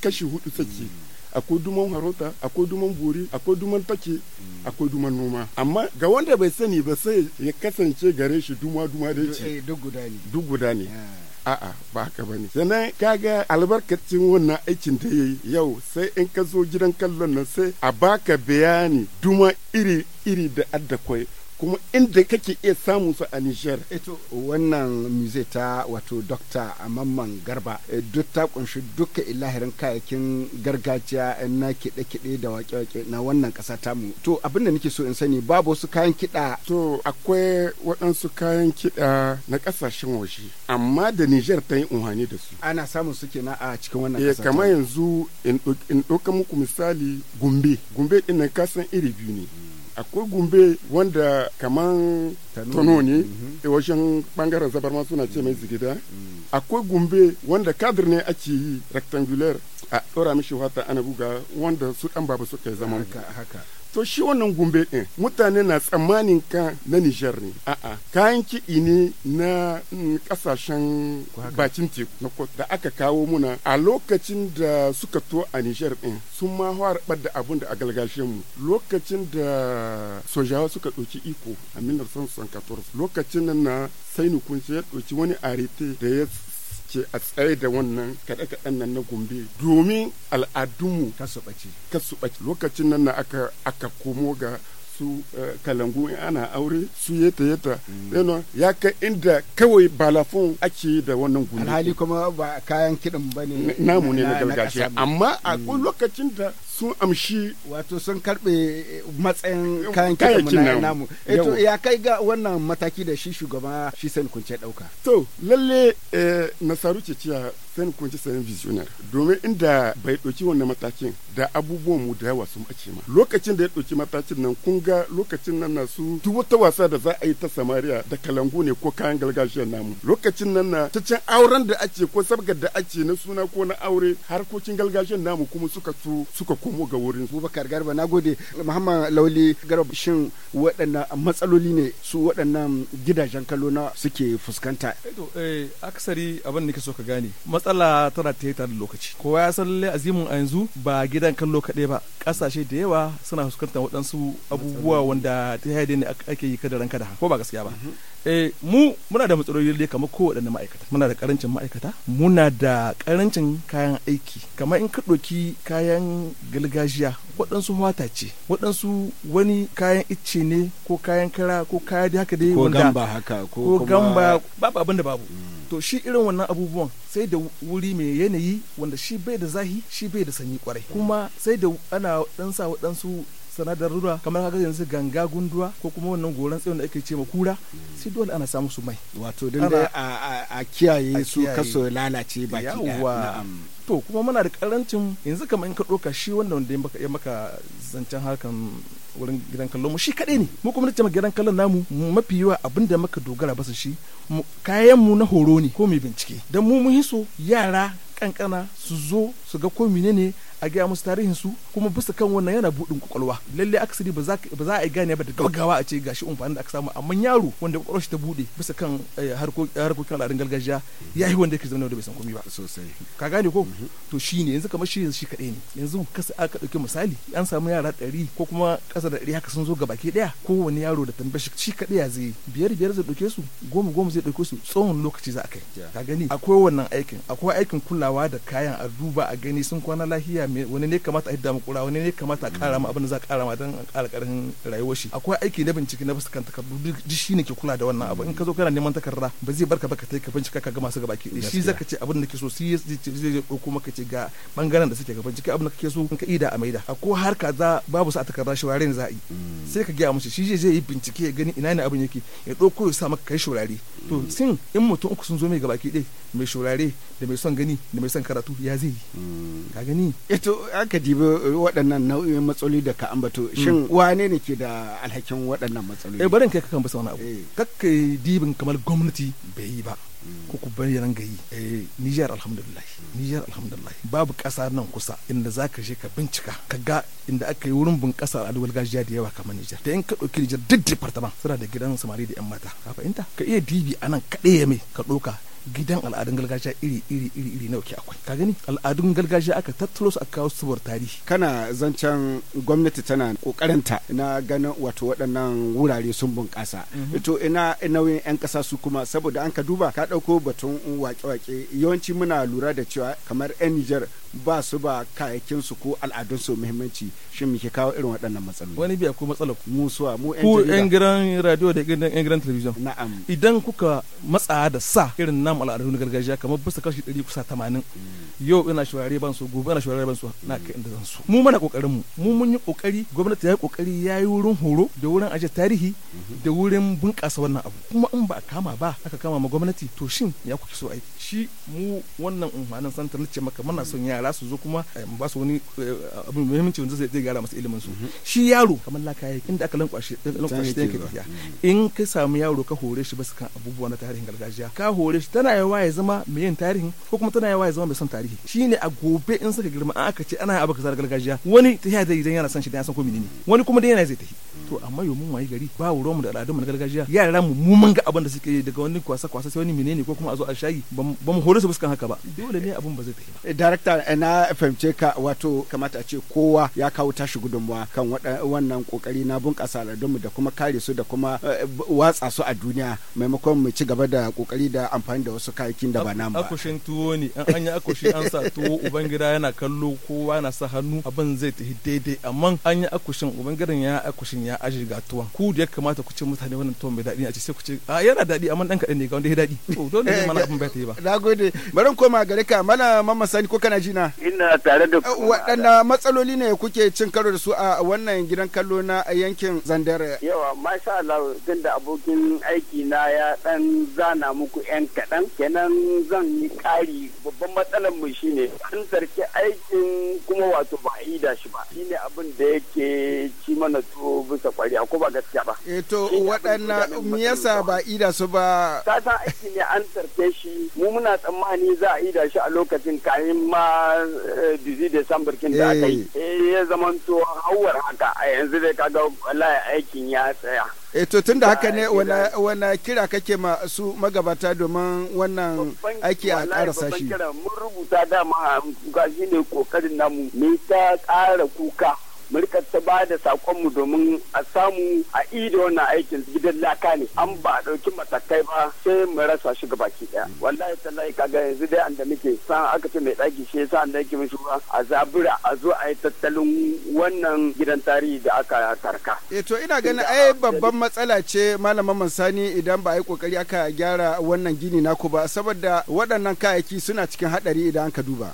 kashi hudu sake akwai duman harota akwai duman bori akwai duman take akwai duman noma amma ga wanda bai sani ba sai ya kasance gare shi duma duma da eh, ce duk guda ne ah. a'a ba haka bane sannan kaga albarkacin wannan aikin da yayi yau sai in ka zo gidan kallon nan sai a baka bayani duma iri iri da adda kwai kuma inda kake iya samun su a Niger eh wannan muse ta wato Dr. Mamman Garba eh, duk ta kunshi duka ilahirin kayakin gargajiya eh, na kiɗe-kiɗe da wake-wake na wannan ƙasa mu. to abin nake so in sani babu su kayan kiɗa to akwai waɗansu kayan kiɗa na ƙasashen waje amma da Niger ta yi unhani da su ana samun su kenan a cikin wannan ƙasa kamar yanzu in ɗauka muku misali gumbe gumbe ɗin nan kasan iri biyu ne hmm. akwai gumbe wanda kaman tono ne a wajen bangaren zabar suna ce mai mhm. zigida mhm. akwai gumbe wanda kadir ne ake yi rectangular a tsora mishi wata ana buga wanda su ɗan baba suka yi zaman haka to shi wannan gumbe din mutane na tsammanin ka na Nijar ne a'a kayan kiɗi ne na kasashen mm, bakin teku na da aka kawo muna a lokacin da suka to a Nijar din sun ma harbar da abun da a galgashe mu lokacin da sojawa suka ɗauki iko a 1914 lokacin nan na sai nukunce ya ɗauki wani arete da ya ce a tsaye da wannan kaɗe-kaɗen nan na gombe domin al'adunmu kasu ɓace lokacin nan na aka komo ga su eh, kalangu ana aure su yeta yeta yana ya ka inda kawai balafon ake da wannan gudu alhali kuma ba kayan kiɗan ba ne namu ne na gargashi amma a hmm. lokacin da sun amshi wato sun karbe eh, matsayin kayan na namu eto eh, ya kai ga wannan mataki da shi shugaba shi sen kunce ɗauka to lalle nasaru ce ciya sen kunce sayan visionar domin inda bai ɗauki wannan matakin da abubuwan mu da yawa sun ɓace ma lokacin da ya ɗauki matakin nan kun ga lokacin nan na su duk wata wasa da za a yi ta samariya da kalangu ne ko kayan gargajiyar namu lokacin nan na ta can auren da ake ko sabgar da ake na suna ko na aure harkokin gargajiyar namu kuma suka su suka komo ga wurin su bakar garba na gode muhammad lauli garba shin waɗannan matsaloli ne su waɗannan gidajen kallo na suke fuskanta eh, eh akasari abin da so ka gane matsala tana ta tare da lokaci kowa ya san lalle azimin a yanzu ba gidan kallo kaɗai ba ƙasashe da yawa suna fuskantar waɗansu abu abubuwa wanda ta yadda ne ake yi kada ranka da ko ba gaskiya ba mhm. eh, mu muna da matsaloli dai kamar kowaɗanne ma'aikata muna da karancin ma'aikata muna da karancin kayan aiki kamar in ka ɗauki kayan gargajiya waɗansu hwata ce waɗansu wani kayan icce ne ko kayan kara ko kaya dai haka dai wanda ko gamba haka ko gamba babu abin da babu mm. to shi irin wannan abubuwan sai da wuri mai yanayi wanda shi bai da zahi shi bai da sanyi kwarai kuma sai da ana ɗansa sa waɗansu sanadar ruwa kamar haka yanzu ganga gunduwa ko kuma wannan goran tsayon da ake ce ma kura sai dole ana samu su mai wato dan da a kiyaye su kaso lalace baki yawa to kuma muna da karancin yanzu kamar in ka ɗauka shi wanda wanda ya maka zancen harkan wurin gidan kallon mu shi kadai ne mu kuma nace gidan kallon namu mafi yawa abin da muka dogara basa shi kayan mu na horo ne ko mai bincike dan mu mun hiso yara kankana su zo su ga ko menene a gaya musu tarihin su kuma bisa kan wannan yana buɗin kwakwalwa lalle akasari ba za a gane ba da gaggawa a ce gashi amfani da aka samu amma yaro wanda kwakwalwa shi ta buɗe bisa kan eh, harkokin al'adun gargajiya ya yi wanda yake zama da bai san komai ba sosai ka gane ko mhm. to shi ne yanzu kamar shi yanzu shi kaɗai ne yanzu kasa aka ɗauki misali an samu yara ɗari ko kuma ƙasa da ɗari haka sun zo gabaki ɗaya kowane yaro da tambashi shi kaɗai ya zai biyar biyar zai ɗauke su goma goma zai ɗauke su tsawon lokaci za a kai ka gani akwai wannan aikin akwai aikin kulawa da kayan a duba a gani sun kwana lahiya wani ne kamata a hidda kura wani ne kamata a kara ma abin da za a kara ma don a kara karin rayuwar shi akwai aiki na bincike na fuskan takardu duk shi ne ke kula da wannan abu in ka zo kana neman takarda ba zai barka ba ka bincika ka ga masu gaba ke shi zaka ce abin da ke so shi zai kuma ka ce ga bangaren da suke ga bincike abin da kake so ka ida a maida a ko har ka za babu sa takarda shi warin yi mm. sai ka gaya musu shi zai yi bincike ya gani ina ne abin yake ya dauko ya sa maka kai shurare to mm. sin in mutum uku sun zo mai gaba ki mai shurare da mai son gani da mai son karatu ya zai mm. ka gani to aka dibi waɗannan nau'in matsaloli da ka ambato shin hmm. wane ne ke da alhakin waɗannan matsaloli eh barin kai kakan bisa sauna abu eh. kakka dibin kamar gwamnati bai yi ba hmm. ko ku bari yi. gayi eh Niger alhamdulillah Niger alhamdulillah babu ƙasa nan kusa inda zaka je ka bincika ka ga inda aka yi wurin bunƙasa al'adun gajiya da yawa kamar Niger da in ka ɗauki Niger duk department suna da gidan samari da 'yan mata ka fahimta ka iya dibi anan kaɗai ya ka ɗauka gidan al'adun gargajiya iri iri iri iri na akwai ka gani al'adun gargajiya aka tattalo su aka kawo su tarihi kana zancen gwamnati tana kokarinta na ganin wato waɗannan wurare sun bunƙasa mhm. to ina nauyin yan ƙasa su kuma saboda an ka duba ka ɗauko batun wake-wake yawanci muna lura da cewa kamar yan Nijar ba su ba kayakin su ko al'adun su muhimmanci shin muke kawo irin waɗannan matsaloli wani biya ko matsalar ku mu suwa mu ku yan gidan radio da yan gidan television na'am idan kuka matsa da sa irin namu al'adun na gargajiya kamar bisa kashi 100 kusa 80 yau ina shawarar ban su gobe ina shawarar ban su na kai inda zan su mu mana kokarin mu mu mun yi kokari gwamnati ya yi kokari ya yi wurin horo da wurin aje tarihi da wurin bunƙasa wannan abu kuma in ba kama ba aka kama ma gwamnati to shin ya kuke so aiki shi mu wannan unhwanin santar nace maka muna son yara yara su zo kuma eh, ba su wani eh, abin muhimmanci wanda zai gyara masu ilimin su shi yaro kamar laka yake inda aka lankwashe eh, lankwashe ta yake tafiya in ka samu yaro ka hore shi basu kan abubuwa na tarihin gargajiya ka hore shi tana yawa ya zama mai yin tarihin ko kuma tana yawa ya zama mai son tarihi shine a gobe in suka girma an aka ce ana abu kaza gargajiya wani ta yaya idan yana son shi da ya san ko menene wani kuma da yana zai tafi to amma yomin waye gari ba wuro mu da al'adun mu na gargajiya yara mu mu mun ga abin da suke yi daga wani kwasa kwasa sai wani menene ko kuma a zo a shayi ba mu hore su ba haka ba dole ne abun ba zai tafi ba director Eh, na fahimce ka wato kamata a ce kowa ya kawo tashi gudunmawa kan wannan kokari na bunƙasa al'adunmu da kuma kare su da kuma eh, watsa su a duniya maimakon mu ci gaba da kokari da amfani da wasu kayakin da ba namu ba akushin tuwo ne an anya akushi an sa tuwo ubangida yana kallo kowa na sa hannu abin zai tafi daidai amma an yi akushin ubangidan ya akushin ya aji ga tuwon ku da ya kamata ku ci mutane wannan tuwon bai daɗi a ce sai ku ce a yana daɗi amma ɗan kaɗan ne ga wanda ya daɗi to dole ne mana abin bai ta yi ba nagode bari koma gare ka mana mamman sani ko kana ji na magana ina tare da eh, waɗanda matsaloli ne kuke cin karo da su a wannan gidan kallo na yankin zandare yawa masha Allah tun da abokin aiki na ya dan zana muku yan kaɗan kenan zan yi ƙari babban matsalar mu shine an sarki aikin kuma wato ba a yi da shi ba shine abin da yake ci mana to bisa kwariya ko ba gaskiya ba eh to waɗannan me yasa ba da su ba ka san aiki ne an sarke shi mu muna tsammani za a yi da shi a lokacin kayan ma dizi kin da aka yi eh. Eh, ya zamanto hawar haka a yanzu dai kaga wallahi aikin ya tsaya e to tunda haka ne wani kira kake ma su magabata domin wannan aiki a karasa shi mun rubuta dama gashi shine kokarin namu me ta kara kuka rika ta ba da sakonmu domin a samu a da wannan aikin gidan laka ne an ba a ɗauki matakai ba sai mu rasa shi baki ɗaya wallahi tallahi kaga yanzu dai an da muke san aka ce mai ɗaki shi yasa an da yake mishi ruwa a zabura a zo a yi tattalin wannan gidan tarihi da aka karka. e eh, to ina ganin ai babban matsala ce malaman mansani idan ba a yi kokari aka gyara wannan gini naku ba saboda waɗannan kayayyaki suna cikin haɗari idan ka duba.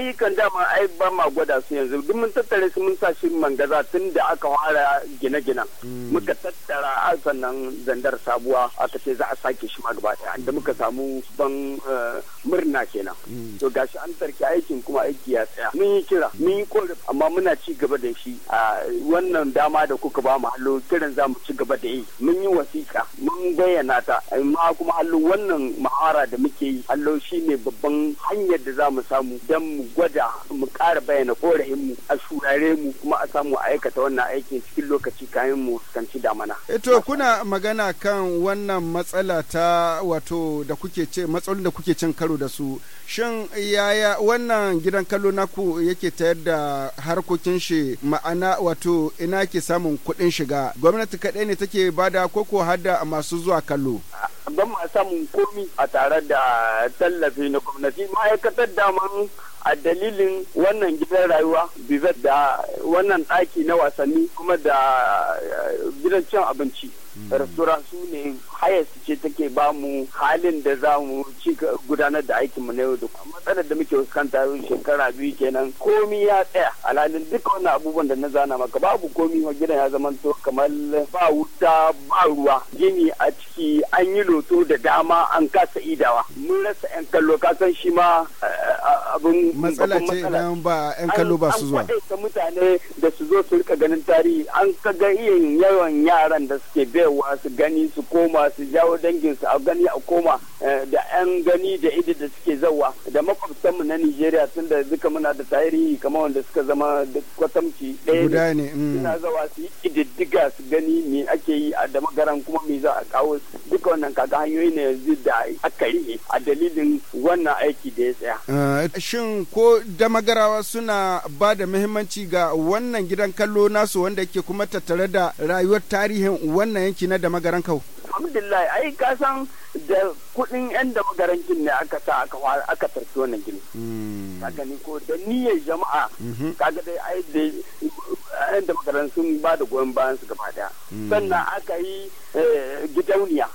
yi kan dama ai ba ma gwada su yanzu duk mun tattare su mun sa karkashin mangaza tun da aka fara gine-ginen hmm. muka tattara sannan zandar sabuwa aka ce za a sake shi ma gaba ɗaya inda muka samu ban eh, murna kenan hmm. to gashi an tarki aikin kuma aiki ya tsaya mun yi kira mun yi kore amma muna ci gaba da shi a wannan dama da kuka ba mu hallo kiran za mu ci gaba da yi mun yi wasiƙa mun bayyana ta amma kuma hallo wannan mahara da muke yi hallo shine babban hanyar da za mu samu don mu gwada mu ƙara bayyana korafin mu a shurare mu kuma a samu a aikata wannan aikin cikin lokaci kayan mu fuskanci damana. Eto eh kuna magana kan wannan matsala ta wato da kuke ce matsalolin da kuke cin karo da su. Shin yaya wannan gidan kallo naku yake tayar da harkokin shi ma'ana wato ina ke samun kuɗin shiga gwamnati kaɗai ne take bada koko har da masu zuwa kallo. Ban samun komi a tare da tallafi na gwamnati ma'aikatar damar. a dalilin wannan gidan rayuwa bivet da wannan ɗaki na wasanni kuma da eh, gidan cin abinci hmm. restaurant su ne hayas ce take ba mu halin da za mu ci gudanar da aikin mu na yau da matsalar da muke fuskanta shekara biyu kenan komi ya tsaya alhalin duka wannan abubuwan da na zana maka babu komi wa gidan ya zama to kamar ba wuta ba ruwa gini a ciki an yi loto da dama an kasa idawa mun rasa yan kallo kasan shi ma eh, eh, abin matsala ce idan ba yan kallo ba su zuwa an mutane da su zo su rika ganin tarihi an ka kaga yin yawan yaran da suke baiwa su gani su koma su jawo dangin su a gani a koma eh, da yan gani da idi da suke zawa da makwabtan mu na Nigeria tun da duka muna da tarihi kamar wanda suka zama da kwatamci ɗaya guda ne mm. suna zawa su yi kididdiga su gani me ake yi a da magaran kuma me za a kawo duka wannan kaga hanyoyi ne yanzu da aka a dalilin wannan aiki da ya tsaya eh, shin ko damagarawa suna ba da muhimmanci ga wannan gidan kallo nasu wanda yake kuma tattare da rayuwar tarihin wannan yanki na damagaran kau alhamdulillah ai ka san da kudin yan damagaran gin ne aka sa aka fara aka tarfi wannan gini hmm. ka gani ko da niyyar jama'a mhm. ka ga dai ai da yan damagaran sun ba da goyon bayan su gaba daya hmm. sannan aka yi eh, gidauniya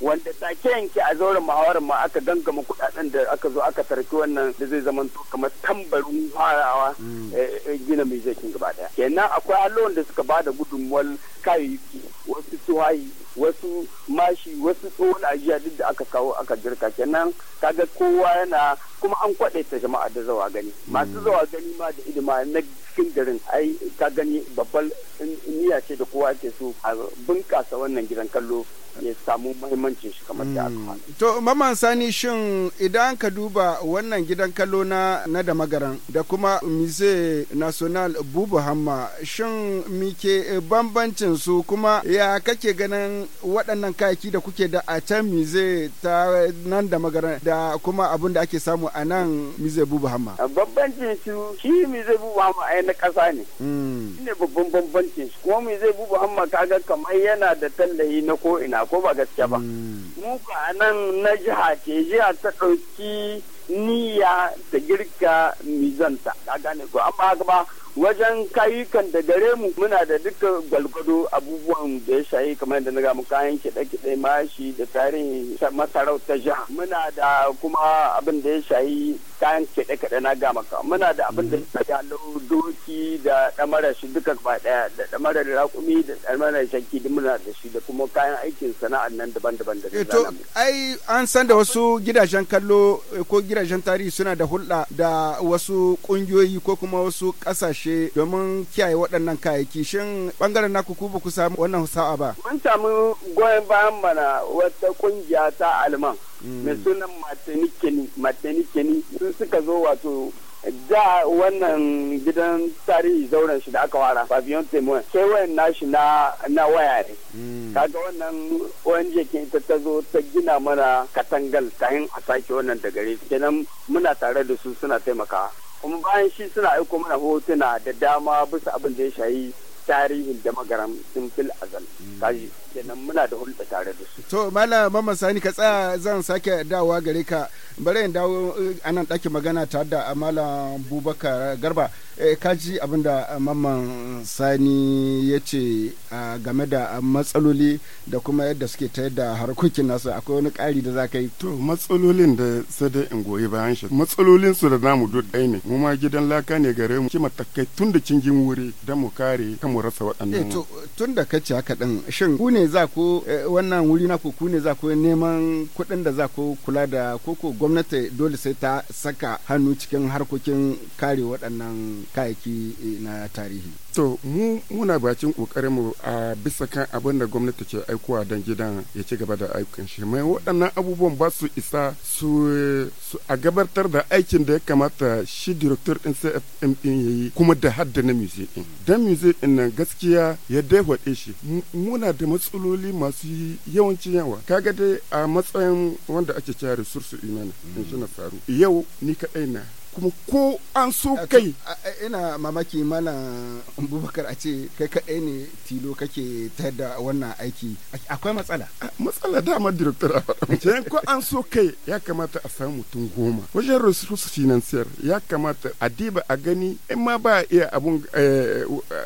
wanda take yanke a zauren muhawarar ma aka dangama kudaden da aka zo aka tarki wannan da zai zama kamar tambarin farawa mm. eh, eh, gina mai zai gaba daya kenan akwai allon da suka bada gudunmuwar kayayyaki wasu suwayi wasu mashi wasu tsohon ajiya duk da aka kawo aka girka kenan kaga kowa yana kuma an ta jama'a da zawa gani mm. masu zawa gani ma da idima na cikin garin ai ka gani babbar eh, niyya ce da kowa ke so a bunƙasa wannan gidan kallo ya samu mahimmancin shi kamar da aka hmm. To maman sani shin idan ka duba wannan gidan kallo na na da magaran da kuma Musée National Bubu Hamma shin mike bambancin su kuma ya kake ganin waɗannan kayaki da kuke da a can Musée ta nan da magaran da kuma abin da ake samu a nan Musée Bubu Hamma. Bambancin su shi Musée Bubu Hamma a na ƙasa ne. Hmm. Shi ne babban bambancin su. kuma Musée Bubu Hamma kaga kamar yana da tallahi na ko ina ko ba gaskiya ba mm. mu nan na jiha ke jiha ta ɗauki niyya ta girka mizanta ka gane ko amma haka ba wajen kayukan da gare mu muna da duka gwalgwado abubuwan da ya shayi kamar yadda na ga mu kayan kiɗe-kiɗe mashi da tarihi masarautar jiha muna da kuma abin da ya shayi kayan kaɗe kaɗe na gama ka muna da abin da mm-hmm. suka jalo doki da ɗamarar shi duka ba ɗaya da ɗamarar raƙumi da ɗamarar shanki duk muna da shi da kuma kayan aikin sana'ar nan daban-daban da eh, to ai an san da wasu gidajen kallo eh, ko gidajen tarihi suna da hulɗa da wasu ƙungiyoyi ko kuma wasu ƙasashe domin kiyaye waɗannan kayayyaki shin ɓangaren naku ku ba ku samu wannan sa'a ba mun samu goyon bayan mana wata ƙungiya ta alman mai mm. sunan matani keni matani keni sun suka zo wato da wannan gidan tarihi zauren shi da aka wara pavillon temoin kewayen nashi na waya ne mm. kaga wannan ONG ke ta ta zo ta gina mana katangal kayan a sake wannan da gare kenan muna tare da su suna taimakawa kuma bayan shi suna aiko mana hotuna da dama bisa abin da ya shayi tarihin da magaram sun azal mm. kenan muna da hulɗa tare da su. To Malam Mamman Sani ka tsaya zan sake dawowa gare ka bari in dawo eh, anan ɗaki magana tare da Malam Bubakar Garba eh, ka ji abin da Mamman Sani ya ce game da matsaloli da kuma yadda suke ta yadda harkokin nasu akwai wani ƙari da za ka yi. To matsalolin da sai dai in goyi bayan shi matsalolin su da namu duk ɗaya ne mu ma gidan laka ne gare mu kima takai tun da cingin wuri don mu kare kan mu rasa waɗannan. Eh to tun da ka ce haka ɗin shin ku ne ne za ku eh, wannan wuri na ku ne za ku neman kuɗin da za ku kula da koko gwamnati dole sai ta saka hannu cikin harkokin kare waɗannan kayaki eh, na tarihi. To mu muna bakin kokarin mu a bisa kan abin da gwamnati ke aikowa don gidan ya ci gaba da aikin shi mai waɗannan abubuwan ba su isa su a gabatar da aikin da ya kamata shi director din CFM din yi kuma da hadda na music din. Dan nan gaskiya ya dai shi muna da matsu matsaloli masu yawancin yawa kaga dai a matsayin wanda ake cewa resursu imani in shi na faru yau ni kaɗai na kuma ko an so kai ina mamaki mana abubakar a ce kai kaɗai ne tilo kake ta da wannan aiki akwai matsala matsala dama director a faɗa ko an so kai ya kamata a samu mutum goma wajen resource financier ya kamata a diba a gani in ma ba iya abun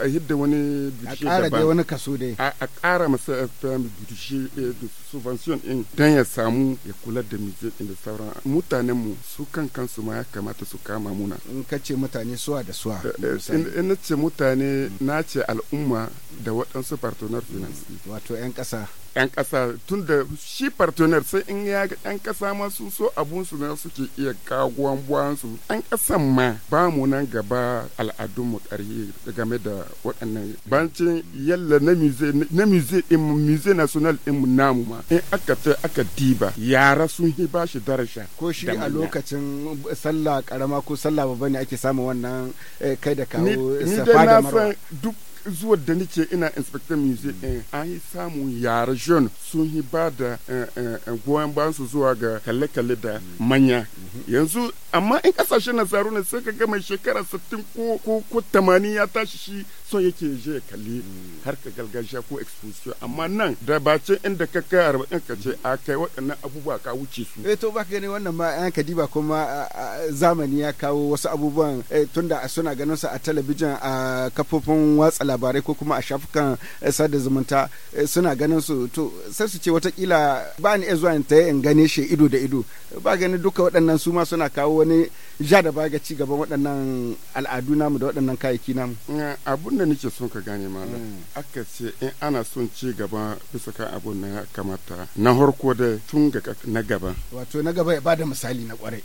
yadda eh, wani a ƙara wani kaso dai a ƙara masa budget eh, eh, da subvention in dan ya samu ya kula da mijin da sauran mutanenmu su kan kansu ma ya kamata su su kama muna in ka ce mutane suwa da suwa eh, eh, in na ce mutane na ce al'umma da waɗansu partner finance wato 'yan ƙasa 'yan ƙasa tun da shi partner sai in ya ga 'yan ƙasa masu so abunsu na suke iya kaguwan buwansu 'yan ƙasan ma ba mu nan gaba mu ƙarhi game da waɗannan bancin yalla na musée ɗin musée national mu namu ma in aka ce aka diba yara sun hi ba shi darasha ko shi a lokacin sallah karama ko sallah babba ne ake samun wannan eh, kai da kawo safa da marwa ni dai na duk zuwa da nake ina inspector musée eh, ɗin an yi samun yare jeune sun yi ba da eh, eh, goyon ba su zuwa ga kalle-kalle da manya yanzu amma in kasashen nasaru ne sai ka ga shekara 60 ko ko 80 ya tashi shi son yake je ya kalli ka gargajiya ko exposition amma nan da bace inda ka kai arba'in ka ce a kai waɗannan abubuwa ka wuce su eh to baka gani wannan ma an kadiba kuma zamani ya kawo wasu abubuwan tunda suna ganin sa a talabijin a kafofin watsa labarai ko kuma a shafukan eh, sada zumunta eh, suna ganin su to sai su ce watakila ba ni zuwa in ta in gane shi ido da ido ba gani duka waɗannan su ma suna kawo wani ja da baya ga ci gaban waɗannan al'adu namu da waɗannan kayayyaki namu eh, abun da nake son ka gane malam mm. aka ce in ana son ci gaba bisa kan abun na kamata na harko da tun ga na gaba wato na gaba ya bada misali na kwarai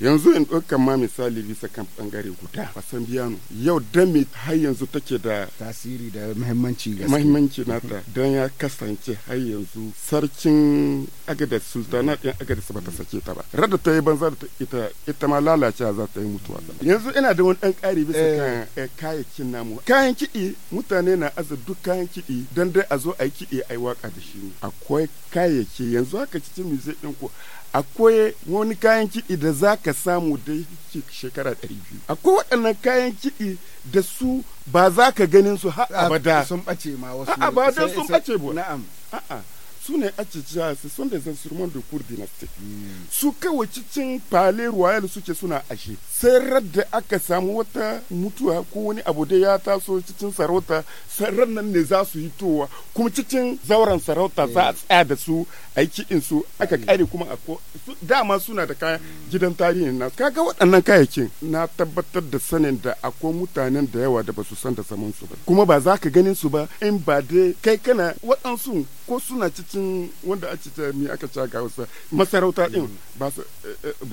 yanzu in ɗaukan ma misali bisa kan bangare guda wasan biyanu. yau da me har yanzu take da tasiri da muhimmanci gaske muhimmanci nata dan ya kasance har yanzu sarkin agadar sultanat ɗin agadar sabata ta sake ta ba rada ta yi banza da ita ita ma lalacewa za ta yi mutuwa yanzu ina da wani ɗan ƙari bisa eh. kan eh, kayayyakin namu kayan kiɗi mutane na aza duk kayan kiɗi don dai a zo a yi kiɗi a yi waka da shi ne akwai kayayyaki yanzu haka cikin muzik ɗin ku akwai wani kayan kiɗi da za ka samu da yake shekara ɗari biyu akwai waɗannan kayan kiɗi da su ba za ka ganin su har abada sun ɓace ma wasu abada sun ɓace ba na'am a'a su ne ake su son zan surman da kur dinasti mm. su kawai cikin palais royal suke suna ashe sai da aka samu wata mutuwa ko wani abu da ya taso cikin sarauta sarran nan ne za su yi towa kuma cikin zauren sarauta za a mm. tsaya da su a yi su aka kare mm. kuma a ko dama suna da kayan gidan tarihin na kaga waɗannan kayayyakin na tabbatar da sanin da akwai mutanen da yawa da ba san da saman su ba kuma ba za ka ganin su ba in ba dai kai kana waɗansu ko suna cikin lokacin wanda a ta mi aka ca ga wasu masarauta din ba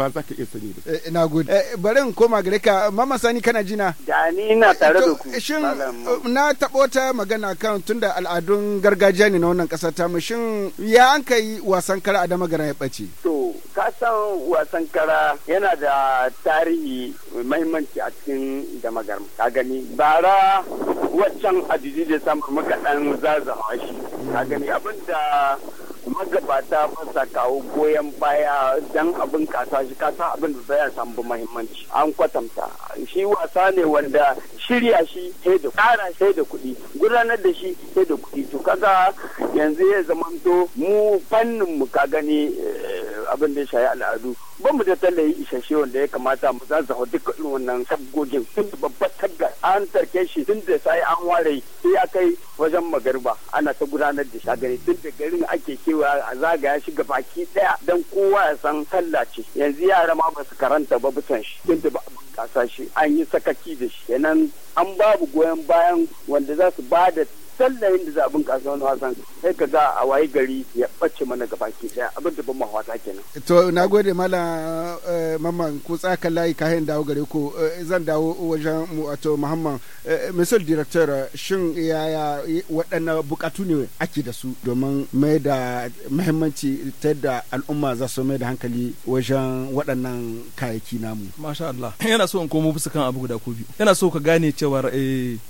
za ka iya sani ba. Eh, na gode. Eh, bari in koma gare ka mama sani kana jina. Da ni na tare da ku. Eh, shin na taɓo ta magana kan tunda al'adun gargajiya ne na wannan ƙasa ta mu shin ya an kai wasan kara a gara ya ɓace. To ka san wasan kara yana da tarihi mahimmanci a cikin damagaram. Ka gani bara waccan adidi da samu muka ɗan zazawa shi. Ka gani da. magabata masa kawo goyon baya dan abin kasa shi kasa abin da zai samu muhimmanci an kwatanta shi wasa ne wanda shirya shi sai da kara sai da kuɗi gudanar da shi sai da kuɗi to kaga yanzu ya zamanto mu fannin mu ka gani eh, abin da ya shayi al'adu ban mu da tallayi isasshe wanda ya kamata mu za su duka irin wannan sabgogin babbar tagga an tarke shi tun da sai an ware sai kai wajen magarba ana ta gudanar da shagari tun da garin ake kewa a zagaya shi baki daya dan kowa ya san sallah ce yanzu yara ma ba su karanta ba bisan shi tun da ba a shi an yi sakaki da shi kenan an babu goyon bayan wanda za su ba da sallayin da za a bunƙasa wani wasan sai ka za a wayi gari ya ɓace mana gaba ke ɗaya abin da ban mahawata kenan. to na gode mala eh, mamman ku tsaka layi kayan dawo gare ku eh, zan dawo wajen mu wato muhammad eh, misal director shin yaya waɗannan buƙatu ne ake da su domin mai da muhimmanci ta yadda al'umma za su mai da hankali wajen waɗannan kayayyaki namu. masha Allah yana so in komo bisa kan abu guda ko biyu yana so ka gane cewar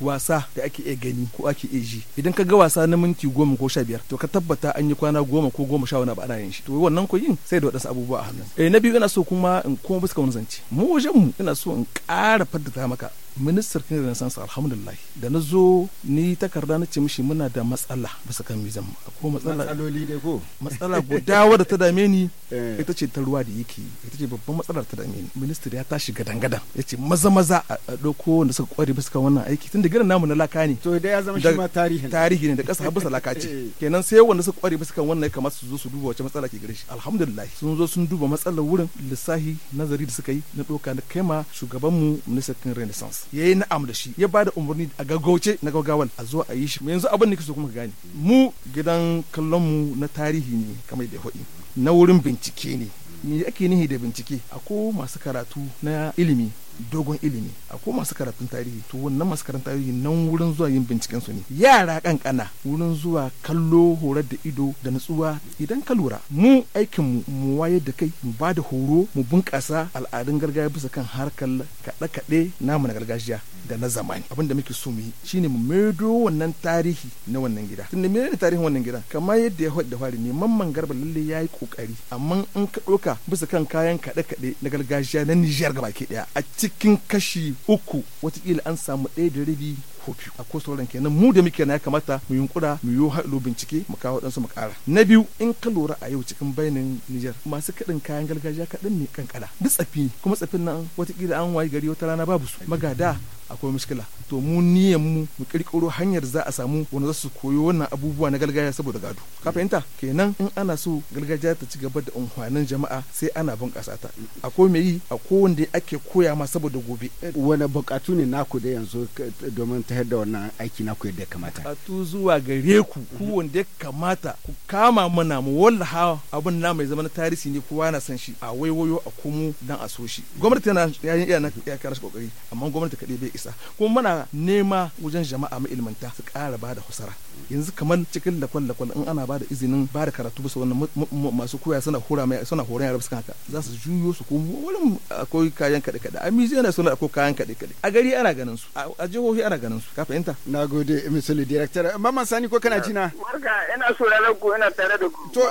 wasa da ake iya gani ko ake iya ji idan ka ga wasa na minti goma ko sha biyar to ka tabbata an yi kwana goma ko goma sha wani ba ana yin shi to wannan ko yin sai da waɗansu abubuwa a hannun eh na biyu ina so kuma in koma bisa wani zance mu wajen mu ina so in ƙara faddata maka ministar kin renaissance alhamdulillah da na zo ni takarda na ce mishi muna da matsala bisa kan mizan ko matsala matsaloli dai ko matsala guda wadda ta dame ni eh. ita ce ta ruwa da yake ita ce babban matsalar ta dame ni ministar ya tashi gadan gadan ya ce maza maza a ɗauko wanda suka kware bisa kan wannan aiki tun da gidan namu na laka ne to dai ya zama shi ma ta tarihin tarihi ne da kasa bisa ce eh. kenan sai wanda suka kware bisa kan wannan ya kamata su zo su duba wace matsala ke gare shi alhamdulillah sun zo sun duba matsalar wurin lissahi nazari da suka yi na doka na kaima shugaban mu ministan renaissance yayi na'am da shi ya bada umarni a gaggauce na gaggawan a zo a yi shi yanzu abin da kike so kuma ka gane mu gidan kallon mu na tarihi ne kamar da ya na wurin bincike ne me ake nihi da bincike akwai masu karatu na ilimi dogon ilimi akwai masu karatun tarihi to wannan masu karatun tarihi nan wurin zuwa yin binciken su ne yara kankana wurin zuwa kallo horar da ido da natsuwa idan ka lura mu aikin mu mu wayar da kai mu bada horo mu bunkasa al'adun gargajiya bisa kan harkar kaɗe-kaɗe namu na gargajiya da na zamani abin da muke so mu yi shine mu maido wannan tarihi na wannan gida tun da menene tarihin wannan gida kamar yadda ya da fari ne mamman garba lalle ya yi kokari amma in ka ɗauka bisa kan kayan kaɗe-kaɗe na gargajiya na Nijar ke ɗaya a cikin cikin kashi uku watakila an samu ɗaya da rabi ko a ko sauran kenan mu da muke na ya kamata mu yunkura mu yi haɗu bincike mu kawo waɗansu mu ƙara na biyu in ka lura a yau cikin bainin Nijar masu kaɗin kayan gargajiya kaɗan ne kankara duk tsafi kuma tsafin nan watakila an wayi gari wata rana babu su magada akwai mushkila to mu niyan mu mu kirkiro hanyar za a samu wanda za su koyo wannan abubuwa na gargajiya saboda gado ka fahimta kenan in ana so gargajiya ta ci gaba da unhwanin jama'a sai ana bunƙasa ta akwai mai yi a kowanne ake koya ma saboda gobe wani bukatu ne naku da yanzu eh, domin fitar da wannan aiki na ku yadda ya kamata bukatu zuwa gare ku ku mhm. wanda ya kamata ku kama mana mu wallaha abin na mai zama na tarihi ne kowa na san shi a waiwayo a komo dan a so shi gwamnati tana yayin iya na iya kara kokari amma gwamnati kadai bai isa kuma muna nema wajen jama'a mu ilmanta su kara bada husara yanzu kamar cikin lakwal lakwal in ana bada izinin da karatu bisa wannan masu koya suna hura mai suna horon yara bisa haka za su juyo su kuma wani akwai kayan kaɗe kaɗe a mijiya na suna akwai kayan kaɗe kaɗe a gari ana ganin su a jihohi ana ganin kansu ka fahimta na gode misali director mamman sani ko kana jina barka ina sauraron ku ina tare da ku to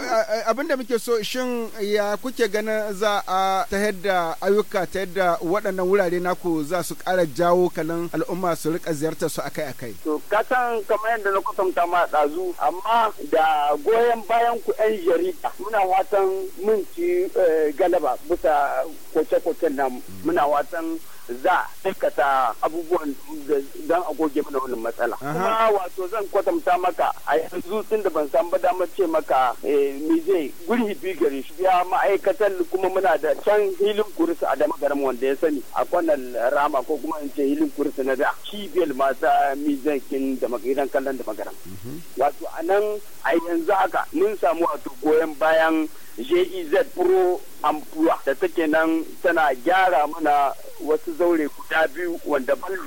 abin da muke so shin ya kuke ganin za a ta yadda ayyuka ta yadda waɗannan wurare naku za su ƙara jawo kalan al'umma su rika ziyartar su akai akai to ka san kamar yadda na kusanta ma ɗazu amma da goyon bayan ku 'yan jarida muna watan mun ci eh, galaba bisa kwace-kwacen nan muna watan za aikata abubuwan don a goge mana wannan matsala. Kuma wato zan kwatanta maka a yanzu tun da ban san ba damar ce maka eh, me zai guri biyu gari shi ya ma'aikatan kuma muna da can hilin kursu a dama garin wanda ya sani a kwanan rama ko kuma in ce hilin kursu na da cibiyar mata kin da magidan kallon da magaran. Mhm. Wato a nan a yanzu haka mun samu wato goyon bayan JEZ Pro Ampua da take nan tana gyara mana wasu zaure guda biyu wanda ban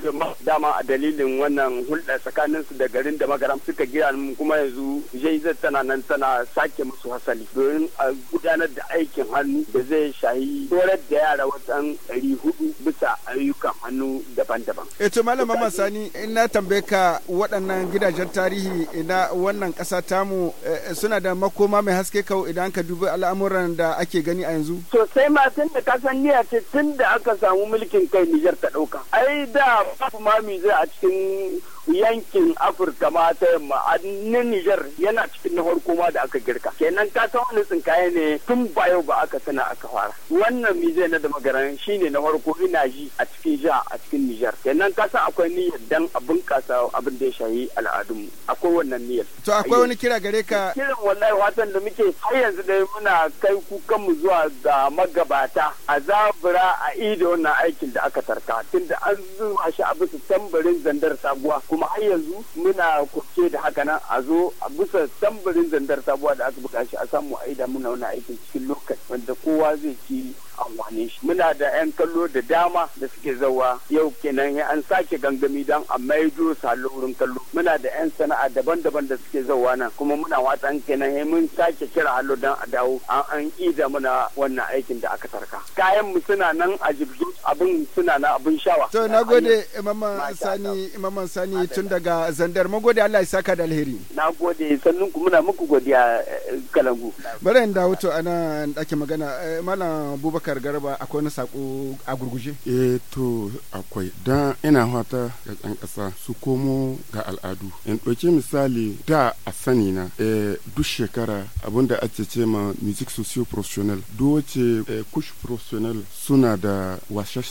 dama a dalilin wannan hulɗa tsakanin su da garin da magaram suka gina kuma yanzu zai zai tana nan tana sake musu hasali domin a gudanar da aikin hannu da zai shayi. horar da yara wasan ɗari hudu bisa ayyukan hannu daban-daban. E to malama masani ina tambaye ka waɗannan gidajen tarihi ina wannan ƙasa tamu eh, suna da makoma mai haske kau idan ka dubi al'amuran da ake gani a yanzu. Sosai ma tun da kasan niyya ce tun da aka samu mulkin kai Nijar ta ɗauka. Ai da babu mami zai a cikin yankin afirka ma ta yamma a nan nijar yana cikin na farko ma da aka girka kenan ka san wani tsinkaye ne tun ba yau ba aka sana aka fara wannan mizai na da magaran shine na farko ina ji a cikin ja a cikin nijar kenan ka san akwai niyyar dan abin kasa abin da ya shahi al'adunmu akwai wannan niyyar to akwai wani kira gare ka kiran wallahi watan da muke har yanzu dai muna kai kukan mu zuwa ga magabata a zabura a ido na aikin da aka tarka tunda an zuwa shi a bisa tambarin zandar sabuwa kuma har yanzu muna kurce da haka nan a zo a bisa tambarin zandar sabuwa da aka buƙaci a samu a da muna wani aikin cikin lokaci wanda kowa zai ci amfani shi muna da 'yan kallo da dama da suke zawa yau kenan an sake gangami don a maido salo wurin kallo muna da 'yan sana'a daban-daban da suke zawa nan kuma muna watsan kenan eh, mun sake kira hallo don a dawo an ida muna wannan aikin da aka tarka kayan mu suna nan a jibzu abin suna na abin shawa to na gode imaman sani imaman sani tun daga zandar mun gode Allah ya saka da alheri na gode sannun ku muna muku godiya eh, kalangu bari in dawo to ana ɗakin magana eh, malam abubakar abubakar garba akwai wani sako a gurguje eh to akwai dan ina hata ga ɗan ƙasa su komo ga al'adu in ɗauki misali da a sani na eh, duk shekara abinda ake ce ma music socio professional duwace eh, kush professional suna da wasa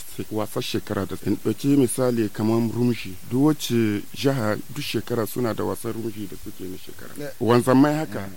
shekara da in ɗauki misali kamar rumshi wace jiha duk shekara suna da wasan rumshi da suke na shekara eh. wanzan mai haka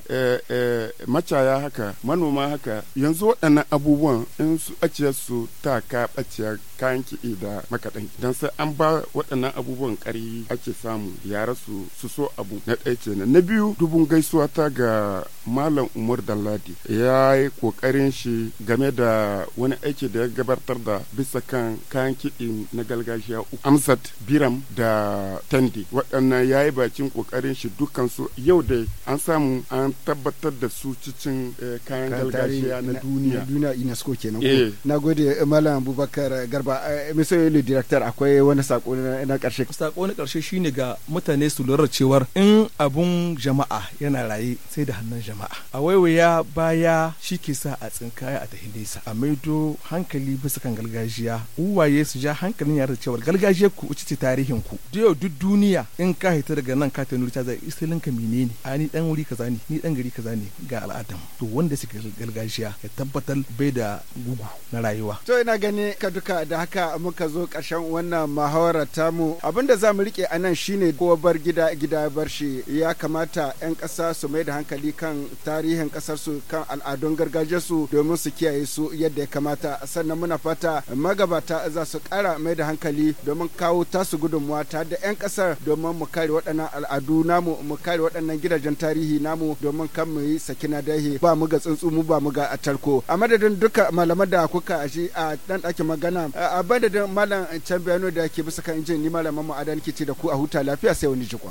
macaya haka manoma haka yanzu waɗannan abubuwan in su ajiye su ta ka ɓaciya kayan kiɗi da makaɗan don sai an ba waɗannan abubuwan ƙari ake samu yara su su so abu na ɗaya kenan na biyu dubun gaisuwa ta ga malam umar dalladi ya yi ƙoƙarin shi game da wani aiki da ya gabatar da bisa kan kayan kiɗi na gargajiya uku amsat biram da tandi waɗannan ya yi bakin ƙoƙarin shi su yau dai an samu an tabbatar da su cikin eh, kayan gargajiya na duniya Eh. Eh, na gode eh, malam abubakar garba misali le director akwai wani sako na karshe sako na karshe shine ga mutane su lura cewar in abun jama'a yana raye sai da hannun jama'a a waiwaya baya shi ke sa a tsinkaya a tahi nesa a maido hankali bisa kan gargajiya uwaye su ja hankalin yara cewar gargajiya ku uci ce tarihin ku yau duk duniya in ka hita daga nan ka ta nurta zai ka menene a ni dan wuri kaza ne ni dan gari kaza ne ga al'adam to wanda suke gargajiya ya tabbatar bai da gugu na rayuwa to ina gani ka duka da haka muka zo ƙarshen wannan mahawara tamu abinda za mu rike a nan shine kowa bar gida gida bar shi ya kamata 'yan ƙasa su mai da hankali kan tarihin ƙasar su kan al'adun gargajiyar su domin su kiyaye su yadda ya kamata sannan muna fata magabata za su ƙara mai da hankali domin kawo tasu gudunmuwa ta da 'yan ƙasar domin mu kare waɗannan al'adu namu mu kare waɗannan gidajen tarihi namu domin kan mu yi sakina dahi ba mu ga tsuntsu mu ba mu ga tarko a madadin duka malamai game da kuka a dan ɗakin magana a banda da malam can da ke bisa kan injin ni malam mu adan ke ce da ku a huta lafiya sai wani jikwa.